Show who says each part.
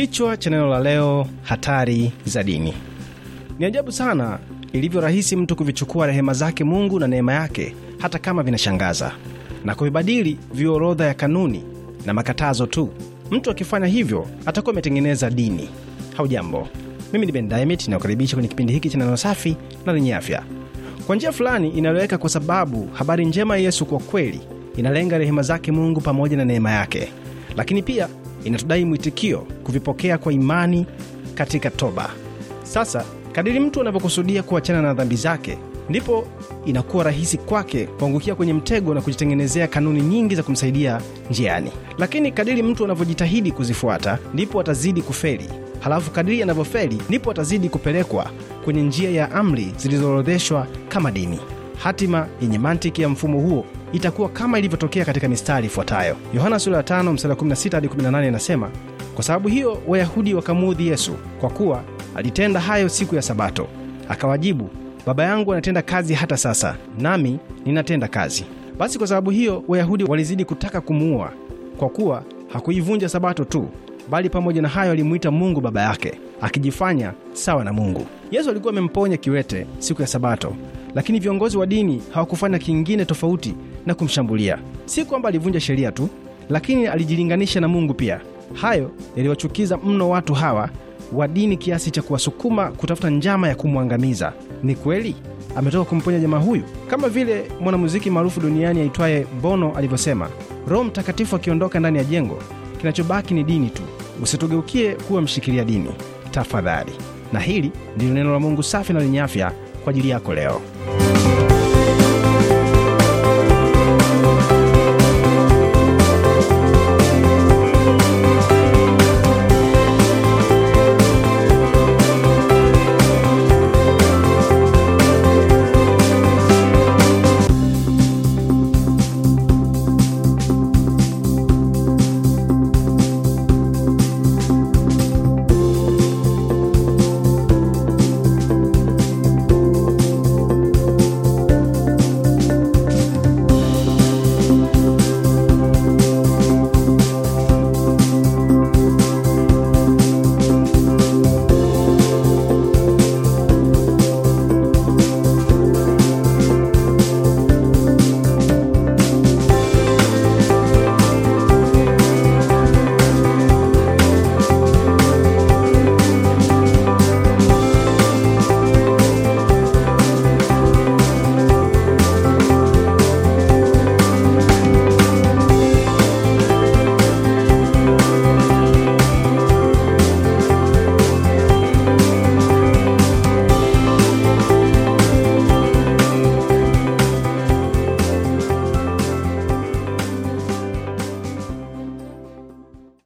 Speaker 1: Kichwa cha neno la leo, hatari za dini. Ni ajabu sana ilivyo rahisi mtu kuvichukua rehema zake Mungu na neema yake, hata kama vinashangaza, na kuvibadili viwe orodha ya kanuni na makatazo tu. Mtu akifanya hivyo atakuwa ametengeneza dini. Haujambo, mimi ni Ben Diamond na kukaribisha kwenye kipindi hiki cha neno safi na lenye afya. Kwa njia fulani inaeleweka, kwa sababu habari njema ya Yesu kwa kweli inalenga rehema zake Mungu pamoja na neema yake, lakini pia inatudai mwitikio kuvipokea kwa imani katika toba. Sasa kadiri mtu anavyokusudia kuachana na dhambi zake, ndipo inakuwa rahisi kwake kuangukia kwenye mtego na kujitengenezea kanuni nyingi za kumsaidia njiani. Lakini kadiri mtu anavyojitahidi kuzifuata, ndipo atazidi kufeli. Halafu kadiri anavyofeli, ndipo atazidi kupelekwa kwenye njia ya amri zilizoorodheshwa kama dini. Hatima yenye mantiki ya mfumo huo itakuwa kama ilivyotokea katika mistari ifuatayo. Yohana sura ya 5 mstari 16 hadi 18 inasema, kwa sababu hiyo Wayahudi wakamuudhi Yesu kwa kuwa alitenda hayo siku ya Sabato. Akawajibu, Baba yangu anatenda kazi hata sasa, nami ninatenda kazi. Basi kwa sababu hiyo Wayahudi walizidi kutaka kumuua, kwa kuwa hakuivunja Sabato tu bali pamoja na hayo alimuita Mungu baba yake, akijifanya sawa na Mungu. Yesu alikuwa amemponya kiwete siku ya Sabato, lakini viongozi wa dini hawakufanya kingine tofauti na kumshambulia. Si kwamba alivunja sheria tu, lakini alijilinganisha na Mungu pia. Hayo yaliwachukiza mno watu hawa wa dini kiasi cha kuwasukuma kutafuta njama ya kumwangamiza. Ni kweli ametoka kumponya jamaa huyu, kama vile mwanamuziki maarufu duniani aitwaye Bono alivyosema, Roho Mtakatifu akiondoka ndani ya jengo, kinachobaki ni dini tu usitugeukie kuwa mshikilia dini tafadhali na hili ndilo neno la mungu safi na lenye afya kwa ajili yako leo